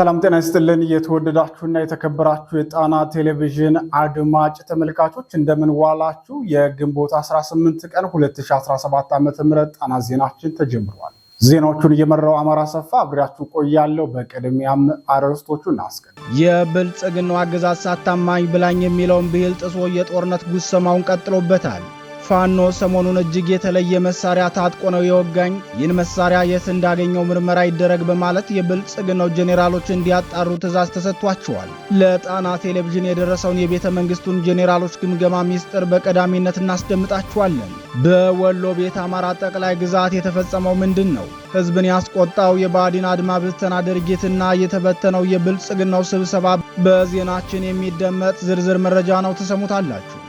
ሰላም ጤና ይስጥልን። የተወደዳችሁና የተከበራችሁ የጣና ቴሌቪዥን አድማጭ ተመልካቾች እንደምን ዋላችሁ? የግንቦት 18 ቀን 2017 ዓ.ም ጣና ዜናችን ተጀምሯል። ዜናዎቹን እየመራው አማራ ሰፋ አብሬያችሁ ቆያለሁ። በቅድሚያም አርዕስቶቹ እናስቀድም። የብልጽግናው አገዛዝ ሳታማኝ ብላኝ የሚለውን ብሂል ጥሶ የጦርነት ጉሰማውን ቀጥሎበታል። ፋኖ ሰሞኑን እጅግ የተለየ መሳሪያ ታጥቆ ነው የወጋኝ። ይህን መሳሪያ የት እንዳገኘው ምርመራ ይደረግ በማለት የብልጽግናው ጄኔራሎች እንዲያጣሩ ትዕዛዝ ተሰጥቷቸዋል። ለጣና ቴሌቪዥን የደረሰውን የቤተ መንግስቱን ጄኔራሎች ግምገማ ሚስጥር በቀዳሚነት እናስደምጣችኋለን። በወሎ ቤት አማራ ጠቅላይ ግዛት የተፈጸመው ምንድን ነው? ህዝብን ያስቆጣው የባዲን አድማ ብተና ድርጊትና የተበተነው የብልጽግናው ስብሰባ በዜናችን የሚደመጥ ዝርዝር መረጃ ነው። ትሰሙታላችሁ።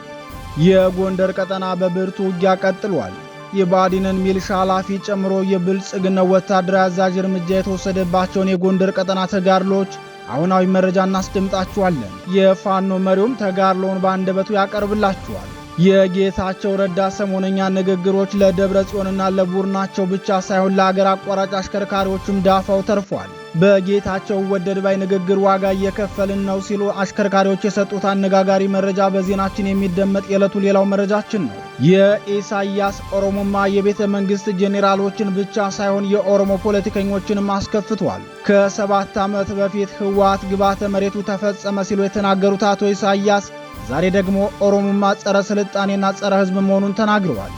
የጎንደር ቀጠና በብርቱ ውጊያ ቀጥሏል። የባዲንን ሚልሻ ኃላፊ ጨምሮ የብልጽግና ወታደራዊ አዛዥ እርምጃ የተወሰደባቸውን የጎንደር ቀጠና ተጋድሎች አሁናዊ መረጃ እናስደምጣችኋለን። የፋኖ መሪውም ተጋድሎውን በአንደበቱ ያቀርብላችኋል። የጌታቸው ረዳ ሰሞነኛ ንግግሮች ለደብረ ጽዮንና ለቡድናቸው ብቻ ሳይሆን ለአገር አቋራጭ አሽከርካሪዎችም ዳፋው ተርፏል። በጌታቸው ወደድ ባይ ንግግር ዋጋ እየከፈልን ነው ሲሉ አሽከርካሪዎች የሰጡት አነጋጋሪ መረጃ በዜናችን የሚደመጥ የዕለቱ ሌላው መረጃችን ነው። የኢሳያስ ኦሮሞማ የቤተ መንግሥት ጄኔራሎችን ብቻ ሳይሆን የኦሮሞ ፖለቲከኞችንም አስከፍቷል። ከሰባት ዓመት በፊት ህወሓት ግባተ መሬቱ ተፈጸመ ሲሉ የተናገሩት አቶ ኢሳያስ ዛሬ ደግሞ ኦሮሞማ ጸረ ስልጣኔና ጸረ ህዝብ መሆኑን ተናግረዋል።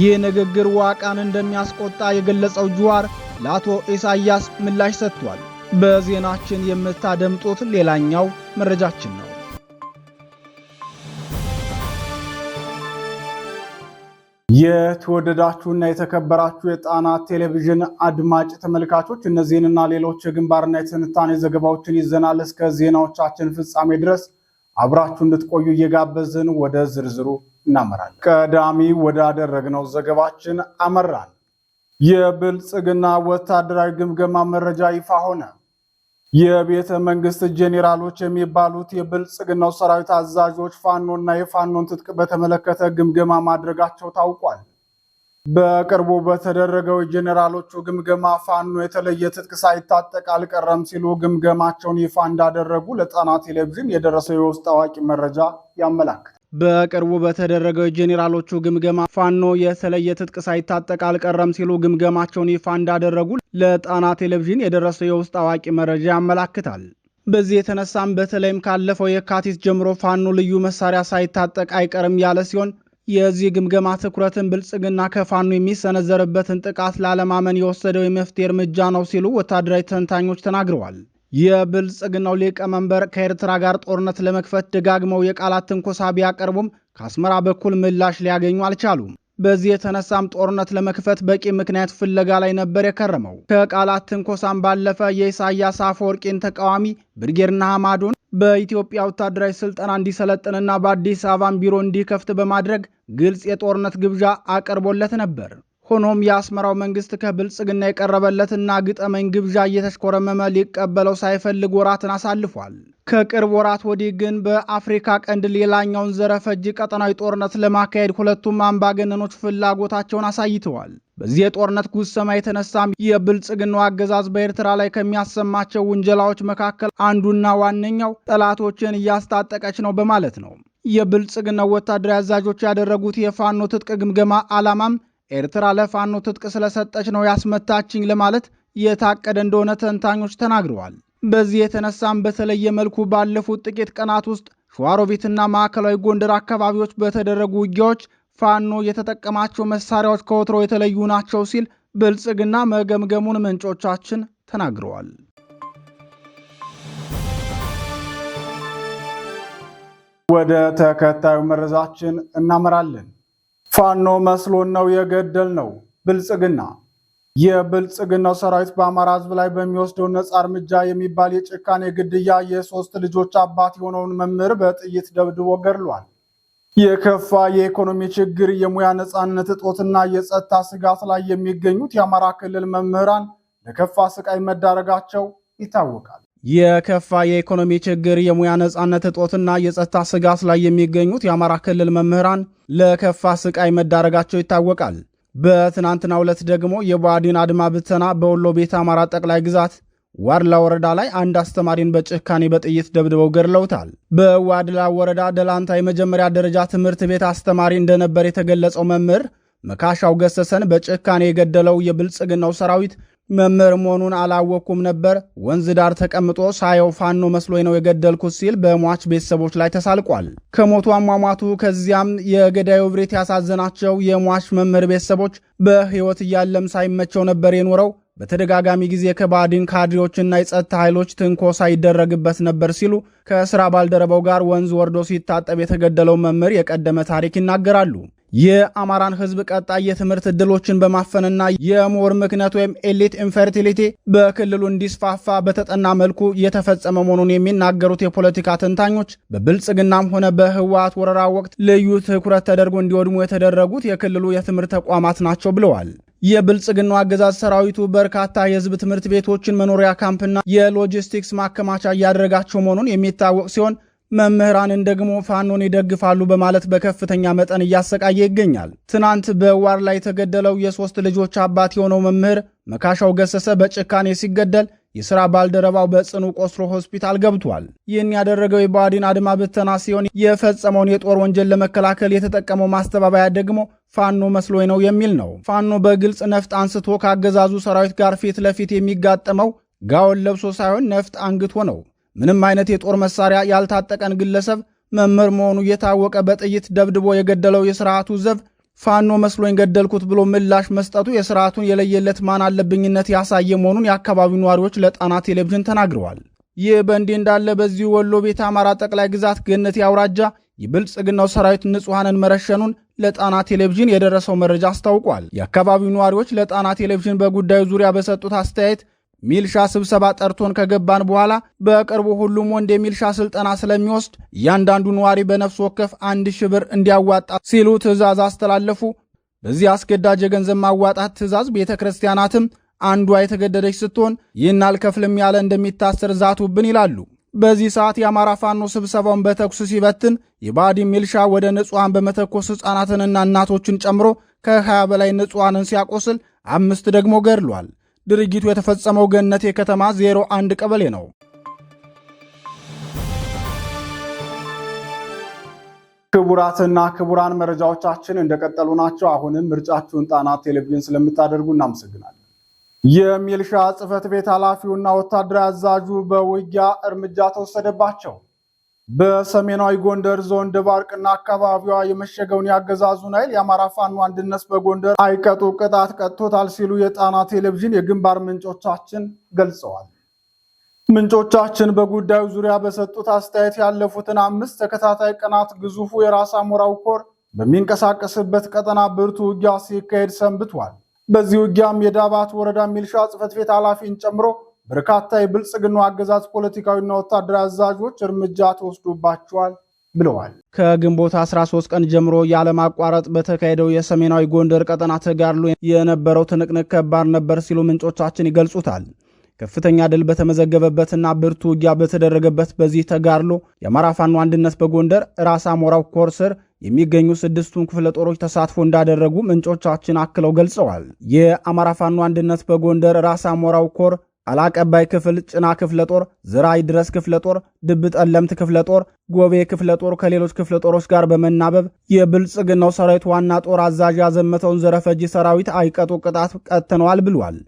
ይህ ንግግር ዋቃን እንደሚያስቆጣ የገለጸው ጁዋር ለአቶ ኢሳያስ ምላሽ ሰጥቷል። በዜናችን የምታደምጡት ሌላኛው መረጃችን ነው። የተወደዳችሁና የተከበራችሁ የጣና ቴሌቪዥን አድማጭ ተመልካቾች እነዚህንና ሌሎች የግንባርና የትንታኔ ዘገባዎችን ይዘናል። እስከ ዜናዎቻችን ፍጻሜ ድረስ አብራችሁ እንድትቆዩ እየጋበዝን ወደ ዝርዝሩ እናመራለን። ቀዳሚ ወዳደረግነው ዘገባችን አመራን። የብልጽግና ወታደራዊ ግምገማ መረጃ ይፋ ሆነ። የቤተ መንግስት ጄኔራሎች የሚባሉት የብልጽግናው ሰራዊት አዛዦች ፋኖና የፋኖን ትጥቅ በተመለከተ ግምገማ ማድረጋቸው ታውቋል። በቅርቡ በተደረገው የጄኔራሎቹ ግምገማ ፋኖ የተለየ ትጥቅ ሳይታጠቅ አልቀረም ሲሉ ግምገማቸውን ይፋ እንዳደረጉ ለጣና ቴሌቪዥን የደረሰው የውስጥ አዋቂ መረጃ ያመላክታል። በቅርቡ በተደረገው የጄኔራሎቹ ግምገማ ፋኖ የተለየ ትጥቅ ሳይታጠቅ አልቀረም ሲሉ ግምገማቸውን ይፋ እንዳደረጉ ለጣና ቴሌቪዥን የደረሰው የውስጥ አዋቂ መረጃ ያመላክታል። በዚህ የተነሳም በተለይም ካለፈው የካቲት ጀምሮ ፋኖ ልዩ መሳሪያ ሳይታጠቅ አይቀርም ያለ ሲሆን የዚህ ግምገማ ትኩረትን ብልጽግና ከፋኖ የሚሰነዘርበትን ጥቃት ላለማመን የወሰደው የመፍትሄ እርምጃ ነው ሲሉ ወታደራዊ ተንታኞች ተናግረዋል። የብልጽግናው ሊቀመንበር ከኤርትራ ጋር ጦርነት ለመክፈት ደጋግመው የቃላት ትንኮሳ ቢያቀርቡም ከአስመራ በኩል ምላሽ ሊያገኙ አልቻሉም። በዚህ የተነሳም ጦርነት ለመክፈት በቂ ምክንያት ፍለጋ ላይ ነበር የከረመው። ከቃላት ትንኮሳም ባለፈ የኢሳያስ አፈወርቂን ተቃዋሚ ብርጌርና ሐማዶን በኢትዮጵያ ወታደራዊ ስልጠና እንዲሰለጥንና በአዲስ አበባን ቢሮ እንዲከፍት በማድረግ ግልጽ የጦርነት ግብዣ አቅርቦለት ነበር። ሆኖም የአስመራው መንግስት ከብልጽግና የቀረበለትና ግጠመኝ ግብዣ እየተሽኮረመመ ሊቀበለው ሳይፈልግ ወራትን አሳልፏል። ከቅርብ ወራት ወዲህ ግን በአፍሪካ ቀንድ ሌላኛውን ዘረፈጅ ቀጠናዊ ጦርነት ለማካሄድ ሁለቱም አምባገነኖች ፍላጎታቸውን አሳይተዋል። በዚህ የጦርነት ጉሰማ የተነሳም የብልጽግናው አገዛዝ በኤርትራ ላይ ከሚያሰማቸው ውንጀላዎች መካከል አንዱና ዋነኛው ጠላቶችን እያስታጠቀች ነው በማለት ነው። የብልጽግናው ወታደራዊ አዛዦች ያደረጉት የፋኖ ትጥቅ ግምገማ ዓላማም ኤርትራ ለፋኖ ትጥቅ ስለሰጠች ነው ያስመታችኝ ለማለት የታቀደ እንደሆነ ተንታኞች ተናግረዋል። በዚህ የተነሳም በተለየ መልኩ ባለፉት ጥቂት ቀናት ውስጥ ሸዋሮቢትና ማዕከላዊ ጎንደር አካባቢዎች በተደረጉ ውጊያዎች ፋኖ የተጠቀማቸው መሳሪያዎች ከወትሮ የተለዩ ናቸው ሲል ብልጽግና መገምገሙን ምንጮቻችን ተናግረዋል። ወደ ተከታዩ መረጃችን እናመራለን። ፋኖ መስሎን ነው የገደል ነው። ብልጽግና የብልጽግናው ሰራዊት በአማራ ህዝብ ላይ በሚወስደው ነፃ እርምጃ የሚባል የጭካኔ ግድያ የሶስት ልጆች አባት የሆነውን መምህር በጥይት ደብድቦ ገድሏል። የከፋ የኢኮኖሚ ችግር፣ የሙያ ነፃነት እጦትና የጸጥታ ስጋት ላይ የሚገኙት የአማራ ክልል መምህራን ለከፋ ስቃይ መዳረጋቸው ይታወቃል። የከፋ የኢኮኖሚ ችግር፣ የሙያ ነጻነት እጦትና የጸጥታ ስጋት ላይ የሚገኙት የአማራ ክልል መምህራን ለከፋ ስቃይ መዳረጋቸው ይታወቃል። በትናንትናው ዕለት ደግሞ የብአዴን አድማ ብተና በወሎ ቤተ አማራ ጠቅላይ ግዛት ዋድላ ወረዳ ላይ አንድ አስተማሪን በጭካኔ በጥይት ደብድበው ገድለውታል። በዋድላ ወረዳ ደላንታ የመጀመሪያ ደረጃ ትምህርት ቤት አስተማሪ እንደነበር የተገለጸው መምህር መካሻው ገሰሰን በጭካኔ የገደለው የብልጽግናው ሰራዊት መምህር መሆኑን አላወቅኩም ነበር። ወንዝ ዳር ተቀምጦ ሳየው ፋኖ መስሎኝ ነው የገደልኩት ሲል በሟች ቤተሰቦች ላይ ተሳልቋል። ከሞቱ አሟሟቱ ከዚያም የገዳዩ ብሬት ያሳዘናቸው የሟች መምህር ቤተሰቦች በሕይወት እያለም ሳይመቸው ነበር የኖረው በተደጋጋሚ ጊዜ ከባድን ካድሬዎችና የጸጥታ ኃይሎች ትንኮሳ ይደረግበት ነበር ሲሉ ከስራ ባልደረባው ጋር ወንዝ ወርዶ ሲታጠብ የተገደለው መምህር የቀደመ ታሪክ ይናገራሉ። የአማራን ህዝብ ቀጣይ የትምህርት እድሎችን በማፈንና የሞር ምክንያት ወይም ኤሊት ኢንፈርቲሊቲ በክልሉ እንዲስፋፋ በተጠና መልኩ የተፈጸመ መሆኑን የሚናገሩት የፖለቲካ ተንታኞች በብልጽግናም ሆነ በህወሓት ወረራ ወቅት ልዩ ትኩረት ተደርጎ እንዲወድሙ የተደረጉት የክልሉ የትምህርት ተቋማት ናቸው ብለዋል። የብልጽግናው አገዛዝ ሰራዊቱ በርካታ የህዝብ ትምህርት ቤቶችን መኖሪያ ካምፕና የሎጂስቲክስ ማከማቻ እያደረጋቸው መሆኑን የሚታወቅ ሲሆን መምህራንን ደግሞ ፋኖን ይደግፋሉ በማለት በከፍተኛ መጠን እያሰቃየ ይገኛል። ትናንት በዋር ላይ የተገደለው የሶስት ልጆች አባት የሆነው መምህር መካሻው ገሰሰ በጭካኔ ሲገደል የሥራ ባልደረባው በጽኑ ቆስሎ ሆስፒታል ገብቷል። ይህን ያደረገው የባዲን አድማ ብተና ሲሆን የፈጸመውን የጦር ወንጀል ለመከላከል የተጠቀመው ማስተባበያ ደግሞ ፋኖ መስሎኝ ነው የሚል ነው። ፋኖ በግልጽ ነፍጥ አንስቶ ከአገዛዙ ሰራዊት ጋር ፊት ለፊት የሚጋጠመው ጋውን ለብሶ ሳይሆን ነፍጥ አንግቶ ነው። ምንም አይነት የጦር መሳሪያ ያልታጠቀን ግለሰብ መምህር መሆኑ እየታወቀ በጥይት ደብድቦ የገደለው የስርዓቱ ዘብ ፋኖ መስሎኝ ገደልኩት ብሎ ምላሽ መስጠቱ የስርዓቱን የለየለት ማን አለብኝነት ያሳየ መሆኑን የአካባቢው ነዋሪዎች ለጣና ቴሌቪዥን ተናግረዋል። ይህ በእንዲህ እንዳለ በዚሁ ወሎ ቤት አማራ ጠቅላይ ግዛት ገነት አውራጃ የብልጽግናው ሰራዊት ንጹሐንን መረሸኑን ለጣና ቴሌቪዥን የደረሰው መረጃ አስታውቋል። የአካባቢው ነዋሪዎች ለጣና ቴሌቪዥን በጉዳዩ ዙሪያ በሰጡት አስተያየት ሚልሻ ስብሰባ ጠርቶን ከገባን በኋላ በቅርቡ ሁሉም ወንድ የሚልሻ ስልጠና ስለሚወስድ እያንዳንዱ ነዋሪ በነፍስ ወከፍ አንድ ሺህ ብር እንዲያዋጣ ሲሉ ትዕዛዝ አስተላለፉ። በዚህ አስገዳጅ የገንዘብ ማዋጣት ትዕዛዝ ቤተ ክርስቲያናትም አንዷ የተገደደች ስትሆን ይህን አልከፍልም ያለ እንደሚታሰር ዛቱብን ይላሉ። በዚህ ሰዓት የአማራ ፋኖ ስብሰባውን በተኩስ ሲበትን የባዲ ሚልሻ ወደ ንጹሐን በመተኮስ ሕፃናትንና እናቶችን ጨምሮ ከ20 በላይ ንጹሐንን ሲያቆስል አምስት ደግሞ ገድሏል። ድርጊቱ የተፈጸመው ገነቴ ከተማ 01 ቀበሌ ነው። ክቡራትና ክቡራን መረጃዎቻችን እንደቀጠሉ ናቸው። አሁንም ምርጫችሁን ጣና ቴሌቪዥን ስለምታደርጉ እናመሰግናለን። የሚልሻ ጽህፈት ቤት ኃላፊውና ወታደራዊ አዛዡ በውጊያ እርምጃ ተወሰደባቸው። በሰሜናዊ ጎንደር ዞን ደባርቅና አካባቢዋ የመሸገውን ያገዛዙን ኃይል የአማራ ፋኖ አንድነት በጎንደር አይቀጡ ቅጣት ቀጥቶታል ሲሉ የጣና ቴሌቪዥን የግንባር ምንጮቻችን ገልጸዋል። ምንጮቻችን በጉዳዩ ዙሪያ በሰጡት አስተያየት ያለፉትን አምስት ተከታታይ ቀናት ግዙፉ የራስ አሞራው ኮር በሚንቀሳቀስበት ቀጠና ብርቱ ውጊያ ሲካሄድ ሰንብቷል። በዚህ ውጊያም የዳባት ወረዳ ሚልሻ ጽሕፈት ቤት ኃላፊን ጨምሮ በርካታ የብልጽግና አገዛዝ ፖለቲካዊና ወታደራዊ አዛዦች እርምጃ ተወስዶባቸዋል ብለዋል። ከግንቦት 13 ቀን ጀምሮ ያለማቋረጥ በተካሄደው የሰሜናዊ ጎንደር ቀጠና ተጋድሎ የነበረው ትንቅንቅ ከባድ ነበር ሲሉ ምንጮቻችን ይገልጹታል። ከፍተኛ ድል በተመዘገበበትና ብርቱ ውጊያ በተደረገበት በዚህ ተጋድሎ የአማራ ፋኖ አንድነት በጎንደር ራስ አሞራው ኮር ስር የሚገኙ ስድስቱን ክፍለ ጦሮች ተሳትፎ እንዳደረጉ ምንጮቻችን አክለው ገልጸዋል። የአማራ ፋኖ አንድነት በጎንደር ራስ አሞራው ኮር አላቀባይ ክፍል፣ ጭና ክፍለ ጦር፣ ዝራይ ድረስ ክፍለ ጦር፣ ድብ ጠለምት ክፍለ ጦር፣ ጎቤ ክፍለ ጦር ከሌሎች ክፍለ ጦሮች ጋር በመናበብ የብልጽግናው ሰራዊት ዋና ጦር አዛዥ ያዘመተውን ዘረፈጂ ሰራዊት አይቀጡ ቅጣት ቀጥተነዋል ብሏል።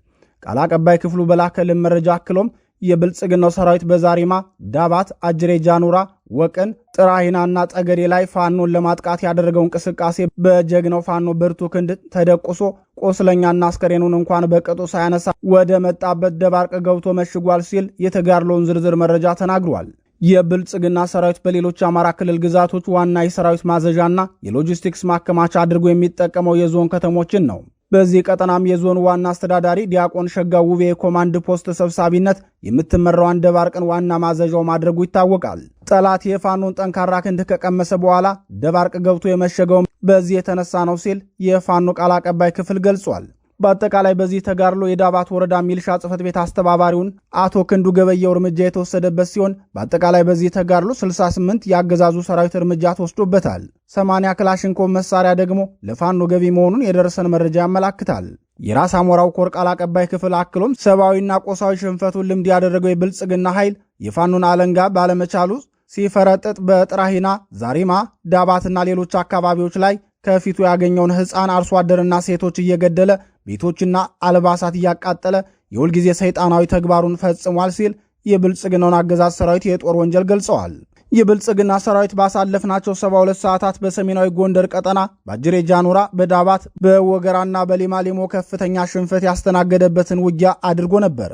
ቃል አቀባይ ክፍሉ በላከልን መረጃ አክሎም የብልጽግናው ሰራዊት በዛሪማ፣ ዳባት፣ አጅሬ፣ ጃኑራ፣ ወቅን፣ ጥራሂናና ጠገዴ ላይ ፋኖን ለማጥቃት ያደረገው እንቅስቃሴ በጀግናው ፋኖ ብርቱ ክንድ ተደቁሶ ቆስለኛና አስከሬኑን እንኳን በቅጡ ሳያነሳ ወደ መጣበት ደባርቅ ገብቶ መሽጓል ሲል የተጋድሎውን ዝርዝር መረጃ ተናግሯል። የብልጽግና ሰራዊት በሌሎች የአማራ ክልል ግዛቶች ዋና የሰራዊት ማዘዣና የሎጂስቲክስ ማከማቻ አድርጎ የሚጠቀመው የዞን ከተሞችን ነው። በዚህ ቀጠናም የዞን ዋና አስተዳዳሪ ዲያቆን ሸጋ ውቤ የኮማንድ ፖስት ሰብሳቢነት የምትመራው አንደባርቅን ዋና ማዘዣው ማድረጉ ይታወቃል። ጠላት የፋኖን ጠንካራ ክንድ ከቀመሰ በኋላ ደባርቅ ገብቶ የመሸገው በዚህ የተነሳ ነው ሲል የፋኖ ቃል አቀባይ ክፍል ገልጿል። በአጠቃላይ በዚህ ተጋድሎ የዳባት ወረዳ ሚልሻ ጽህፈት ቤት አስተባባሪውን አቶ ክንዱ ገበየው እርምጃ የተወሰደበት ሲሆን በአጠቃላይ በዚህ ተጋድሎ 68 የአገዛዙ ሰራዊት እርምጃ ተወስዶበታል። 80 ክላሽንኮቭ መሳሪያ ደግሞ ለፋኖ ገቢ መሆኑን የደረሰን መረጃ ያመላክታል። የራስ አሞራው ኮር ቃል አቀባይ ክፍል አክሎም ሰብአዊና ቆሳዊ ሽንፈቱን ልምድ ያደረገው የብልጽግና ኃይል የፋኖን አለንጋ ባለመቻሉ ሲፈረጥጥ በጥራሂና ዛሪማ፣ ዳባትና ሌሎች አካባቢዎች ላይ ከፊቱ ያገኘውን ሕፃን አርሶ አደርና ሴቶች እየገደለ ቤቶችና አልባሳት እያቃጠለ የሁልጊዜ ሰይጣናዊ ተግባሩን ፈጽሟል ሲል የብልጽግናውን አገዛዝ ሰራዊት የጦር ወንጀል ገልጸዋል። የብልጽግና ሰራዊት ባሳለፍናቸው 72 ሰዓታት በሰሜናዊ ጎንደር ቀጠና በአጅሬ ጃኑራ፣ በዳባት፣ በወገራና በሊማሊሞ ከፍተኛ ሽንፈት ያስተናገደበትን ውጊያ አድርጎ ነበር።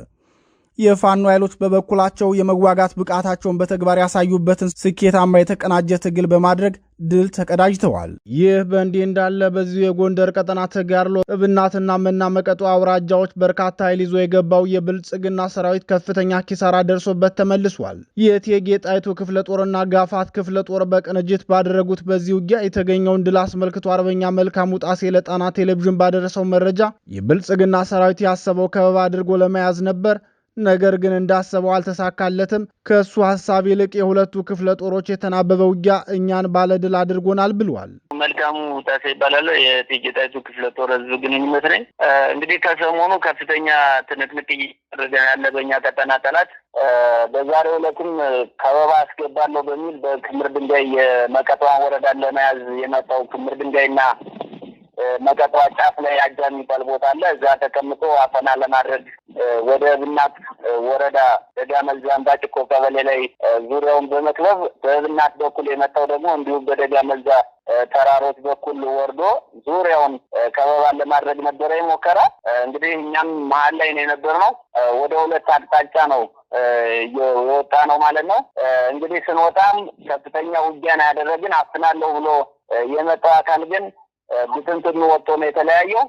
የፋኖ ኃይሎች በበኩላቸው የመዋጋት ብቃታቸውን በተግባር ያሳዩበትን ስኬታማ የተቀናጀ ትግል በማድረግ ድል ተቀዳጅተዋል። ይህ በእንዲህ እንዳለ በዚሁ የጎንደር ቀጠና ተጋድሎ እብናትና መናመቀጡ አውራጃዎች በርካታ ኃይል ይዞ የገባው የብልጽግና ሰራዊት ከፍተኛ ኪሳራ ደርሶበት ተመልሷል። የእቴጌ ጣይቱ ክፍለ ጦርና ጋፋት ክፍለ ጦር በቅንጅት ባደረጉት በዚህ ውጊያ የተገኘውን ድል አስመልክቶ አርበኛ መልካሙ ጣሴ ለጣና ቴሌቪዥን ባደረሰው መረጃ የብልጽግና ሰራዊት ያሰበው ከበባ አድርጎ ለመያዝ ነበር ነገር ግን እንዳሰበው አልተሳካለትም። ከእሱ ሀሳብ ይልቅ የሁለቱ ክፍለ ጦሮች የተናበበ ውጊያ እኛን ባለድል አድርጎናል ብሏል። መልካሙ ጣሴ ይባላለሁ። የእቴጌ ጣይቱ ክፍለ ጦር ህዝብ ግንኙነት ነኝ። እንግዲህ ከሰሞኑ ከፍተኛ ትንቅንቅ እያደረገ ያለ በእኛ ቀጠና ጠላት በዛሬ ዕለትም ከበባ አስገባለሁ በሚል በክምር ድንጋይ የመቀጠዋን ወረዳ ለመያዝ የመጣው ክምር ድንጋይና መቀጠዋ ጫፍ ላይ አጃ የሚባል ቦታ አለ። እዛ ተቀምጦ አፈና ለማድረግ ወደ ብናት ወረዳ ደጋመዛምባ ጭቆ ቀበሌ ላይ ዙሪያውን በመክበብ በብናት በኩል የመጣው ደግሞ እንዲሁም በደጋ መልዛ ተራሮች በኩል ወርዶ ዙሪያውን ከበባን ለማድረግ ነበረ የሞከረ። እንግዲህ እኛም መሀል ላይ ነው የነበርነው። ወደ ሁለት አቅጣጫ ነው የወጣ ነው ማለት ነው። እንግዲህ ስንወጣም ከፍተኛ ውጊያ ነው ያደረግን። አፍናለሁ ብሎ የመጣው አካል ግን ብትንትኑ ወጥቶ ነው የተለያየው።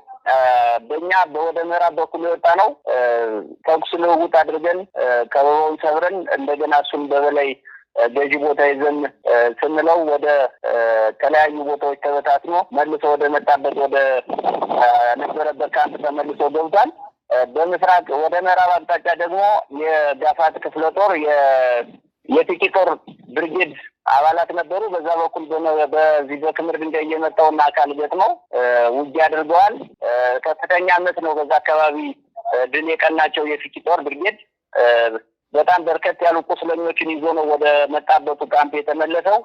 በእኛ ወደ ምዕራብ በኩል የወጣ ነው። ተኩስ ልውውጥ አድርገን ከበባውን ሰብረን እንደገና እሱም በበላይ ገዢ ቦታ ይዘን ስንለው ወደ ተለያዩ ቦታዎች ተበታትኖ መልሶ ወደ መጣበት ወደ ነበረበት ካምፕ ተመልሶ ገብቷል። በምስራቅ ወደ ምዕራብ አቅጣጫ ደግሞ የጋፋት ክፍለ ጦር የጥቂ ጦር ብርጌድ አባላት ነበሩ። በዛ በኩል በዚህ በክምር ድንጋይ እየመጣውና አካል ገጥመው ውጊ አድርገዋል። ከፍተኛ ምት ነው በዛ አካባቢ ድል የቀናቸው የፊቂ ጦር ብርጌድ በጣም በርከት ያሉ ቁስለኞችን ይዞ ነው ወደ መጣበቱ ካምፕ የተመለሰው።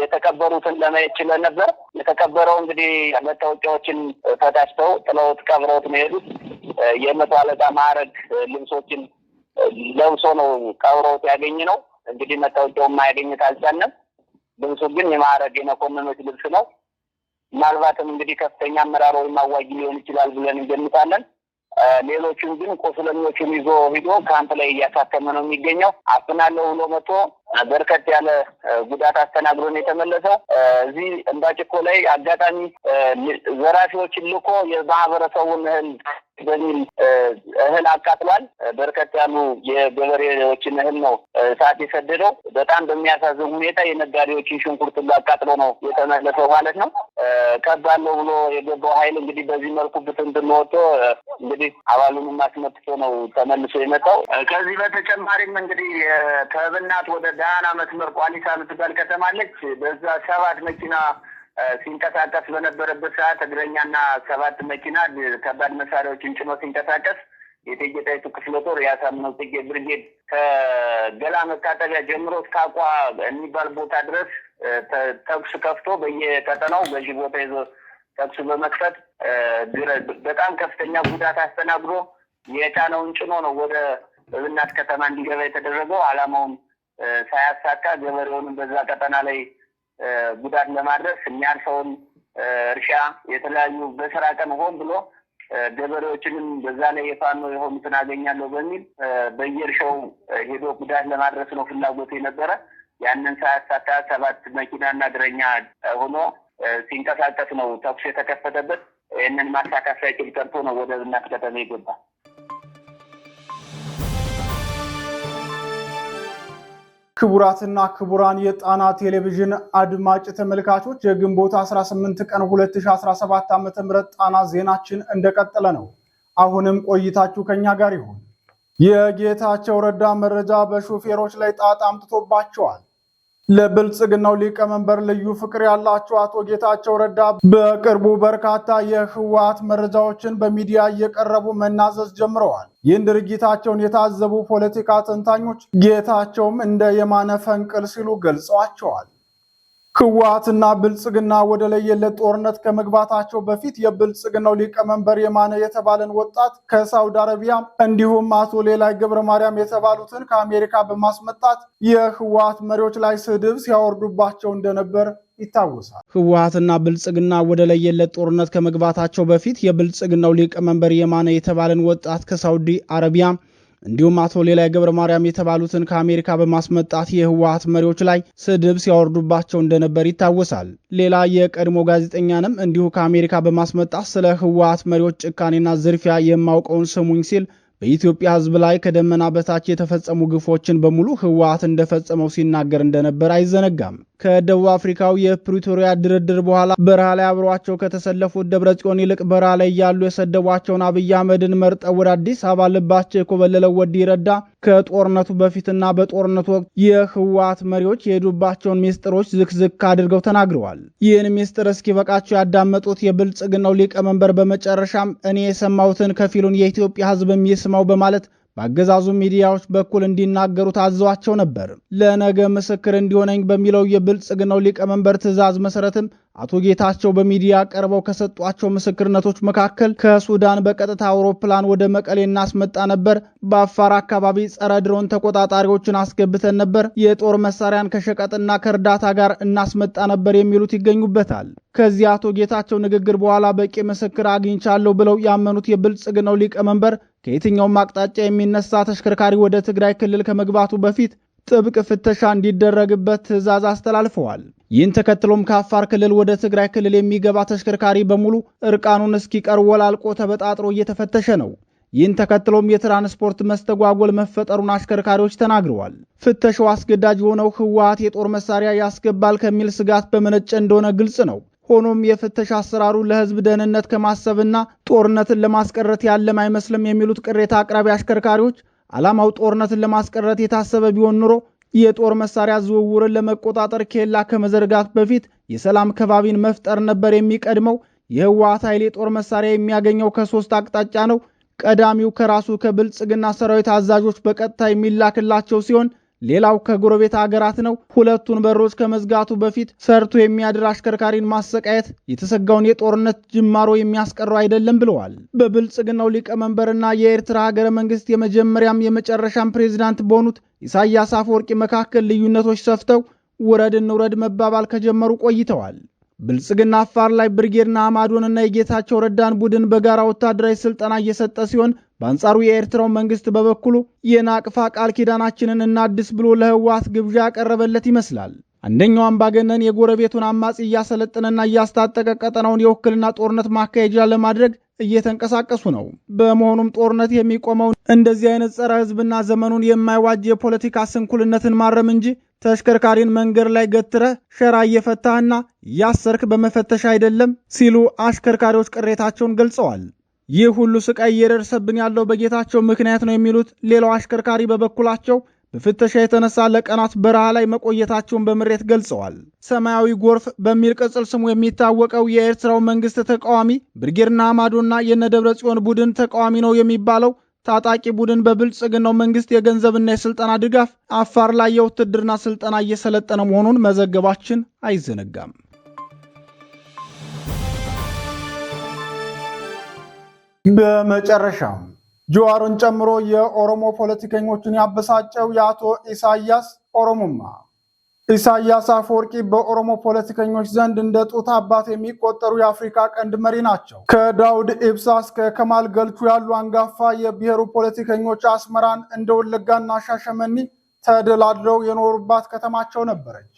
የተቀበሩትን ለማየት ችለን ነበር። የተቀበረው እንግዲህ መታወቂያዎችን ተታጭተው ጥለውት ቀብረውት ነው የሄዱት። የመቶ አለቃ ማዕረግ ልብሶችን ለብሶ ነው ቀብረውት ያገኝ ነው። እንግዲህ መታወቂያውን ማያገኘት አልቻለም። ልብሱ ግን የማዕረግ የመኮንኖች ልብስ ነው። ምናልባትም እንግዲህ ከፍተኛ አመራር ወይም አዋጊ ሊሆን ይችላል ብለን እንገምታለን። ሌሎቹን ግን ቁስለኞቹን ይዞ ሂዶ ካምፕ ላይ እያሳከመ ነው የሚገኘው። አፍናለሁ ብሎ መቶ በርከት ያለ ጉዳት አስተናግዶን የተመለሰው እዚህ እምባጭኮ ላይ አጋጣሚ ዘራፊዎችን ልኮ የማህበረሰቡን እህል በሚል እህል አቃጥሏል። በርከት ያሉ የገበሬዎችን እህል ነው እሳት የሰደደው። በጣም በሚያሳዝን ሁኔታ የነጋዴዎችን ሽንኩርት አቃጥሎ ነው የተመለሰው ማለት ነው። ከባድ ነው ብሎ የገባው ኃይል እንግዲህ በዚህ መልኩ ብትን ወጥቶ እንግዲህ አባሉንም አስመጥቶ ነው ተመልሶ የመጣው። ከዚህ በተጨማሪም እንግዲህ ከብናት ወደ ዳና መስመር ቋሊታ የምትባል ከተማ አለች። በዛ ሰባት መኪና ሲንቀሳቀስ በነበረበት ሰዓት እግረኛና ሰባት መኪና ከባድ መሳሪያዎችን ጭኖ ሲንቀሳቀስ የእቴጌ ጣይቱ ክፍለ ጦር የአሳምነው ጽጌ ብርጌድ ከገላ መታጠቢያ ጀምሮ እስከ አቋ የሚባል ቦታ ድረስ ተኩስ ከፍቶ በየቀጠናው በዚህ ቦታ ይዞ ተኩሱ በመክፈት በጣም ከፍተኛ ጉዳት አስተናግዶ የጫነውን ጭኖ ነው ወደ እብናት ከተማ እንዲገባ የተደረገው አላማውን ሳያሳካ ገበሬውንም በዛ ቀጠና ላይ ጉዳት ለማድረስ የሚያርሰውን እርሻ የተለያዩ በስራ ቀን ሆን ብሎ ገበሬዎችንም በዛ ላይ የፋኖ የሆኑትን አገኛለሁ በሚል በየእርሻው ሄዶ ጉዳት ለማድረስ ነው ፍላጎት የነበረ። ያንን ሳያሳካ ሰባት መኪናና እግረኛ ሆኖ ሲንቀሳቀስ ነው ተኩስ የተከፈተበት። ይህንን ማሳካት ሳይችል ቀርቶ ነው ወደ እናት ከተማ ይገባል። ክቡራትና ክቡራን የጣና ቴሌቪዥን አድማጭ ተመልካቾች የግንቦት 18 ቀን 2017 ዓ.ም ጣና ዜናችን እንደቀጠለ ነው። አሁንም ቆይታችሁ ከኛ ጋር ይሁን። የጌታቸው ረዳ መረጃ በሾፌሮች ላይ ጣጣ አምጥቶባቸዋል። ለብልጽግናው ሊቀመንበር ልዩ ፍቅር ያላቸው አቶ ጌታቸው ረዳ በቅርቡ በርካታ የህወሓት መረጃዎችን በሚዲያ እየቀረቡ መናዘዝ ጀምረዋል። ይህን ድርጊታቸውን የታዘቡ ፖለቲካ ተንታኞች ጌታቸውም እንደ የማነ ፈንቅል ሲሉ ገልጸዋቸዋል። ህወሓትና ብልጽግና ወደ ለየለት ጦርነት ከመግባታቸው በፊት የብልጽግናው ሊቀመንበር የማነ የተባለን ወጣት ከሳውዲ አረቢያ እንዲሁም አቶ ሌላይ ገብረ ማርያም የተባሉትን ከአሜሪካ በማስመጣት የህወሓት መሪዎች ላይ ስድብ ሲያወርዱባቸው እንደነበር ይታወሳል። ህወሓትና ብልጽግና ወደ ለየለት ጦርነት ከመግባታቸው በፊት የብልጽግናው ሊቀመንበር የማነ የተባለን ወጣት ከሳውዲ አረቢያ እንዲሁም አቶ ሌላይ ገብረ ማርያም የተባሉትን ከአሜሪካ በማስመጣት የህወሀት መሪዎች ላይ ስድብ ሲያወርዱባቸው እንደነበር ይታወሳል። ሌላ የቀድሞ ጋዜጠኛንም እንዲሁ ከአሜሪካ በማስመጣት ስለ ህወሀት መሪዎች ጭካኔና ዝርፊያ የማውቀውን ስሙኝ ሲል በኢትዮጵያ ህዝብ ላይ ከደመና በታች የተፈጸሙ ግፎችን በሙሉ ህወሀት እንደፈጸመው ሲናገር እንደነበር አይዘነጋም። ከደቡብ አፍሪካው የፕሪቶሪያ ድርድር በኋላ በረሃ ላይ አብሯቸው ከተሰለፉት ደብረ ጽዮን ይልቅ በረሃ ላይ ያሉ የሰደቧቸውን አብይ አህመድን መርጠው ወደ አዲስ አበባ ልባቸው የኮበለለው ወዲ ረዳ ከጦርነቱ በፊትና በጦርነቱ ወቅት የህወሓት መሪዎች የሄዱባቸውን ሚስጥሮች ዝክዝክ አድርገው ተናግረዋል። ይህን ሚስጥር እስኪበቃቸው ያዳመጡት የብልጽግናው ሊቀመንበር በመጨረሻም እኔ የሰማሁትን ከፊሉን የኢትዮጵያ ህዝብ የሚስማው በማለት በአገዛዙ ሚዲያዎች በኩል እንዲናገሩ ታዘዋቸው ነበር። ለነገ ምስክር እንዲሆነኝ በሚለው የብልጽግናው ሊቀመንበር ትዕዛዝ መሰረትም አቶ ጌታቸው በሚዲያ ቀርበው ከሰጧቸው ምስክርነቶች መካከል ከሱዳን በቀጥታ አውሮፕላን ወደ መቀሌ እናስመጣ ነበር፣ በአፋር አካባቢ ጸረ ድሮን ተቆጣጣሪዎችን አስገብተን ነበር፣ የጦር መሳሪያን ከሸቀጥና ከእርዳታ ጋር እናስመጣ ነበር የሚሉት ይገኙበታል። ከዚህ አቶ ጌታቸው ንግግር በኋላ በቂ ምስክር አግኝቻለሁ ብለው ያመኑት የብልጽግናው ሊቀመንበር ከየትኛውም አቅጣጫ የሚነሳ ተሽከርካሪ ወደ ትግራይ ክልል ከመግባቱ በፊት ጥብቅ ፍተሻ እንዲደረግበት ትዕዛዝ አስተላልፈዋል። ይህን ተከትሎም ከአፋር ክልል ወደ ትግራይ ክልል የሚገባ ተሽከርካሪ በሙሉ እርቃኑን እስኪቀር ወላልቆ ተበጣጥሮ እየተፈተሸ ነው። ይህን ተከትሎም የትራንስፖርት መስተጓጎል መፈጠሩን አሽከርካሪዎች ተናግረዋል። ፍተሻው አስገዳጅ የሆነው ህወሓት የጦር መሳሪያ ያስገባል ከሚል ስጋት በመነጨ እንደሆነ ግልጽ ነው። ሆኖም የፍተሻ አሰራሩ ለህዝብ ደህንነት ከማሰብና ጦርነትን ለማስቀረት ያለም አይመስልም የሚሉት ቅሬታ አቅራቢ አሽከርካሪዎች ዓላማው ጦርነትን ለማስቀረት የታሰበ ቢሆን ኑሮ የጦር መሳሪያ ዝውውርን ለመቆጣጠር ኬላ ከመዘርጋት በፊት የሰላም ከባቢን መፍጠር ነበር የሚቀድመው። የህወሓት ኃይል የጦር መሳሪያ የሚያገኘው ከሶስት አቅጣጫ ነው። ቀዳሚው ከራሱ ከብልጽግና ሰራዊት አዛዦች በቀጥታ የሚላክላቸው ሲሆን ሌላው ከጎረቤት አገራት ነው። ሁለቱን በሮች ከመዝጋቱ በፊት ሰርቶ የሚያድር አሽከርካሪን ማሰቃየት የተሰጋውን የጦርነት ጅማሮ የሚያስቀረው አይደለም ብለዋል። በብልጽግናው ሊቀመንበርና የኤርትራ ሀገረ መንግስት የመጀመሪያም የመጨረሻም ፕሬዚዳንት በሆኑት ኢሳያስ አፈወርቂ መካከል ልዩነቶች ሰፍተው ውረድ እንውረድ መባባል ከጀመሩ ቆይተዋል። ብልጽግና አፋር ላይ ብርጌድና አማዶንና የጌታቸው ረዳን ቡድን በጋራ ወታደራዊ ስልጠና እየሰጠ ሲሆን በአንጻሩ የኤርትራው መንግስት በበኩሉ የናቅፋ ቃል ኪዳናችንን እናድስ ብሎ ለህወሓት ግብዣ ያቀረበለት ይመስላል። አንደኛው አምባገነን የጎረቤቱን አማጺ እያሰለጠነና እያስታጠቀ ቀጠናውን የውክልና ጦርነት ማካሄጃ ለማድረግ እየተንቀሳቀሱ ነው። በመሆኑም ጦርነት የሚቆመው እንደዚህ አይነት ጸረ ህዝብና ዘመኑን የማይዋጅ የፖለቲካ ስንኩልነትን ማረም እንጂ ተሽከርካሪን መንገድ ላይ ገትረህ ሸራ እየፈታህና ያሰርክ በመፈተሽ አይደለም ሲሉ አሽከርካሪዎች ቅሬታቸውን ገልጸዋል። ይህ ሁሉ ስቃይ እየደረሰብን ያለው በጌታቸው ምክንያት ነው የሚሉት ሌላው አሽከርካሪ በበኩላቸው በፍተሻ የተነሳ ለቀናት በረሃ ላይ መቆየታቸውን በምሬት ገልጸዋል። ሰማያዊ ጎርፍ በሚል ቅጽል ስሙ የሚታወቀው የኤርትራው መንግስት ተቃዋሚ ብርጌርና አማዶና የነደብረ ጽዮን ቡድን ተቃዋሚ ነው የሚባለው ታጣቂ ቡድን በብልጽግናው መንግስት የገንዘብና የስልጠና ድጋፍ አፋር ላይ የውትድርና ስልጠና እየሰለጠነ መሆኑን መዘገባችን አይዘነጋም። በመጨረሻ ጀዋርን ጨምሮ የኦሮሞ ፖለቲከኞችን ያበሳጨው የአቶ ኢሳያስ ኦሮሞማ ኢሳያስ አፈወርቂ በኦሮሞ ፖለቲከኞች ዘንድ እንደ ጡት አባት የሚቆጠሩ የአፍሪካ ቀንድ መሪ ናቸው። ከዳውድ ኢብሳ እስከ ከማል ገልቹ ያሉ አንጋፋ የብሔሩ ፖለቲከኞች አስመራን እንደ ወለጋና ሻሸመኒ ተደላድለው የኖሩባት ከተማቸው ነበረች።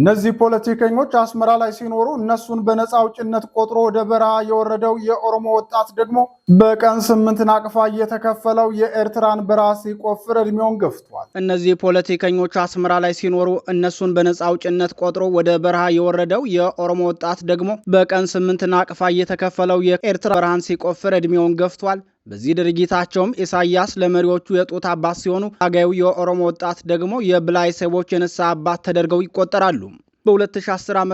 እነዚህ ፖለቲከኞች አስመራ ላይ ሲኖሩ እነሱን በነፃ አውጭነት ቆጥሮ ወደ በረሃ የወረደው የኦሮሞ ወጣት ደግሞ በቀን ስምንት ናቅፋ እየተከፈለው የኤርትራን በረሃ ሲቆፍር እድሜውን ገፍቷል። እነዚህ ፖለቲከኞች አስመራ ላይ ሲኖሩ እነሱን በነፃ አውጭነት ቆጥሮ ወደ በረሃ የወረደው የኦሮሞ ወጣት ደግሞ በቀን ስምንት ናቅፋ እየተከፈለው የኤርትራ በረሃን ሲቆፍር እድሜውን ገፍቷል። በዚህ ድርጊታቸውም ኢሳያስ ለመሪዎቹ የጡት አባት ሲሆኑ አጋዩ የኦሮሞ ወጣት ደግሞ የብላይ ሰቦች የንስሐ አባት ተደርገው ይቆጠራሉ። በ2010 ዓ ም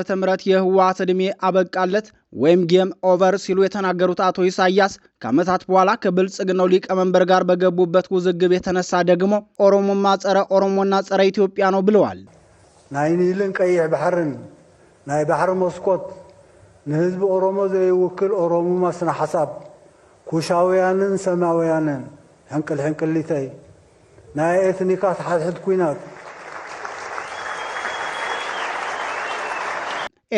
የህወሓት ዕድሜ አበቃለት ወይም ጌም ኦቨር ሲሉ የተናገሩት አቶ ኢሳያስ ከዓመታት በኋላ ከብልጽግናው ሊቀመንበር ጋር በገቡበት ውዝግብ የተነሳ ደግሞ ኦሮሞማ ጸረ ኦሮሞና ጸረ ኢትዮጵያ ነው ብለዋል። ናይ ኒልን ቀይሕ ባሕርን ናይ ባሕሪ መስኮት ንህዝቢ ኦሮሞ ዘይውክል ኦሮሞማ ስነ ሐሳብ ኩሻውያንን ሰማውያንን ሕንቅል ሕንቅሊተይ ናይ ኤትኒካት ሓድሕድ ኩናት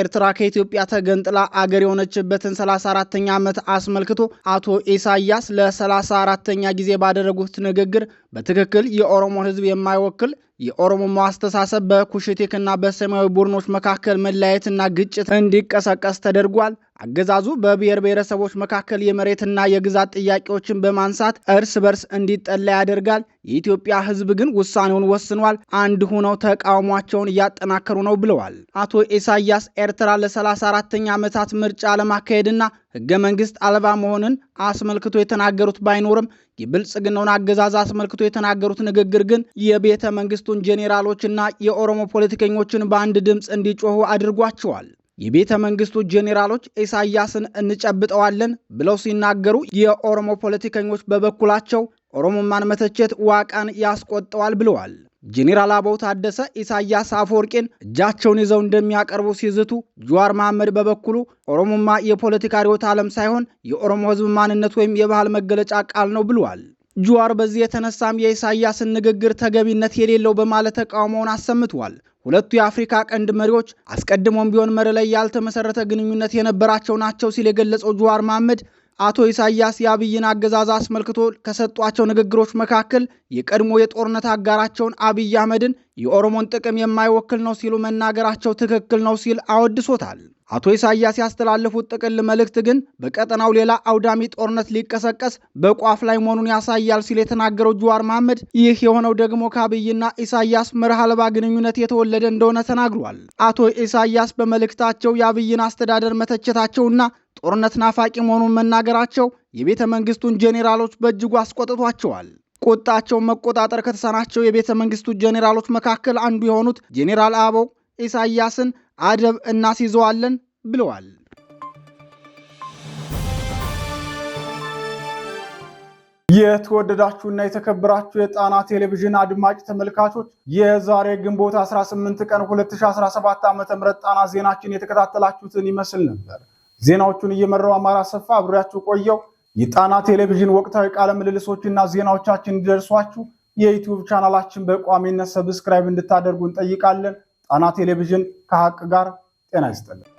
ኤርትራ ከኢትዮጵያ ተገንጥላ አገር የሆነችበትን 34ተኛ ዓመት አስመልክቶ አቶ ኢሳያስ ለ34ተኛ ጊዜ ባደረጉት ንግግር በትክክል የኦሮሞን ሕዝብ የማይወክል የኦሮሞማ አስተሳሰብ በኩሽቴክና በሰማያዊ ቡድኖች መካከል መለያየትና ግጭት እንዲቀሰቀስ ተደርጓል። አገዛዙ በብሔር ብሔረሰቦች መካከል የመሬትና የግዛት ጥያቄዎችን በማንሳት እርስ በርስ እንዲጠላ ያደርጋል። የኢትዮጵያ ሕዝብ ግን ውሳኔውን ወስኗል፣ አንድ ሆነው ተቃውሟቸውን እያጠናከሩ ነው ብለዋል አቶ ኢሳያስ። ኤርትራ ለ 34 ተኛ ዓመታት ምርጫ ለማካሄድና ሕገ መንግስት አልባ መሆንን አስመልክቶ የተናገሩት ባይኖርም የብልጽግናውን አገዛዝ አስመልክቶ የተናገሩት ንግግር ግን የቤተ መንግስቱን ጄኔራሎችና የኦሮሞ ፖለቲከኞችን በአንድ ድምፅ እንዲጮሁ አድርጓቸዋል። የቤተ መንግስቱ ጄኔራሎች ኢሳያስን እንጨብጠዋለን ብለው ሲናገሩ፣ የኦሮሞ ፖለቲከኞች በበኩላቸው ኦሮሞማን መተቸት ዋቃን ያስቆጠዋል ብለዋል። ጄኔራል አበው ታደሰ ኢሳያስ አፈወርቄን እጃቸውን ይዘው እንደሚያቀርቡ ሲዝቱ፣ ጁዋር መሐመድ በበኩሉ ኦሮሞማ የፖለቲካ ርዕዮተ ዓለም ሳይሆን የኦሮሞ ሕዝብ ማንነት ወይም የባህል መገለጫ ቃል ነው ብሏል። ጁዋር በዚህ የተነሳም የኢሳያስን ንግግር ተገቢነት የሌለው በማለት ተቃውሞውን አሰምቷል። ሁለቱ የአፍሪካ ቀንድ መሪዎች አስቀድሞም ቢሆን መሪ ላይ ያልተመሰረተ ግንኙነት የነበራቸው ናቸው ሲል የገለጸው ጁዋር መሐመድ አቶ ኢሳያስ የአብይን አገዛዝ አስመልክቶ ከሰጧቸው ንግግሮች መካከል የቀድሞ የጦርነት አጋራቸውን አብይ አህመድን የኦሮሞን ጥቅም የማይወክል ነው ሲሉ መናገራቸው ትክክል ነው ሲል አወድሶታል። አቶ ኢሳያስ ያስተላለፉት ጥቅል መልእክት ግን በቀጠናው ሌላ አውዳሚ ጦርነት ሊቀሰቀስ በቋፍ ላይ መሆኑን ያሳያል ሲል የተናገረው ጁዋር መሐመድ ይህ የሆነው ደግሞ ከአብይና ኢሳያስ መርህ አልባ ግንኙነት የተወለደ እንደሆነ ተናግሯል። አቶ ኢሳያስ በመልእክታቸው የአብይን አስተዳደር መተቸታቸውና ጦርነት ናፋቂ መሆኑን መናገራቸው የቤተ መንግስቱን ጄኔራሎች በእጅጉ አስቆጥቷቸዋል። ቁጣቸውን መቆጣጠር ከተሳናቸው የቤተ መንግስቱ ጄኔራሎች መካከል አንዱ የሆኑት ጄኔራል አበው ኢሳያስን አደብ እናስይዘዋለን ብለዋል። የተወደዳችሁና የተከበራችሁ የጣና ቴሌቪዥን አድማጭ ተመልካቾች የዛሬ ግንቦት 18 ቀን 2017 ዓ ም ጣና ዜናችን የተከታተላችሁትን ይመስል ነበር። ዜናዎቹን እየመራው አማራ ሰፋ አብሬያችሁ ቆየው። የጣና ቴሌቪዥን ወቅታዊ ቃለ ምልልሶችና ዜናዎቻችን እንዲደርሷችሁ የዩቲዩብ ቻናላችን በቋሚነት ሰብስክራይብ እንድታደርጉ እንጠይቃለን። ጣና ቴሌቪዥን ከሀቅ ጋር ጤና ይስጥልን።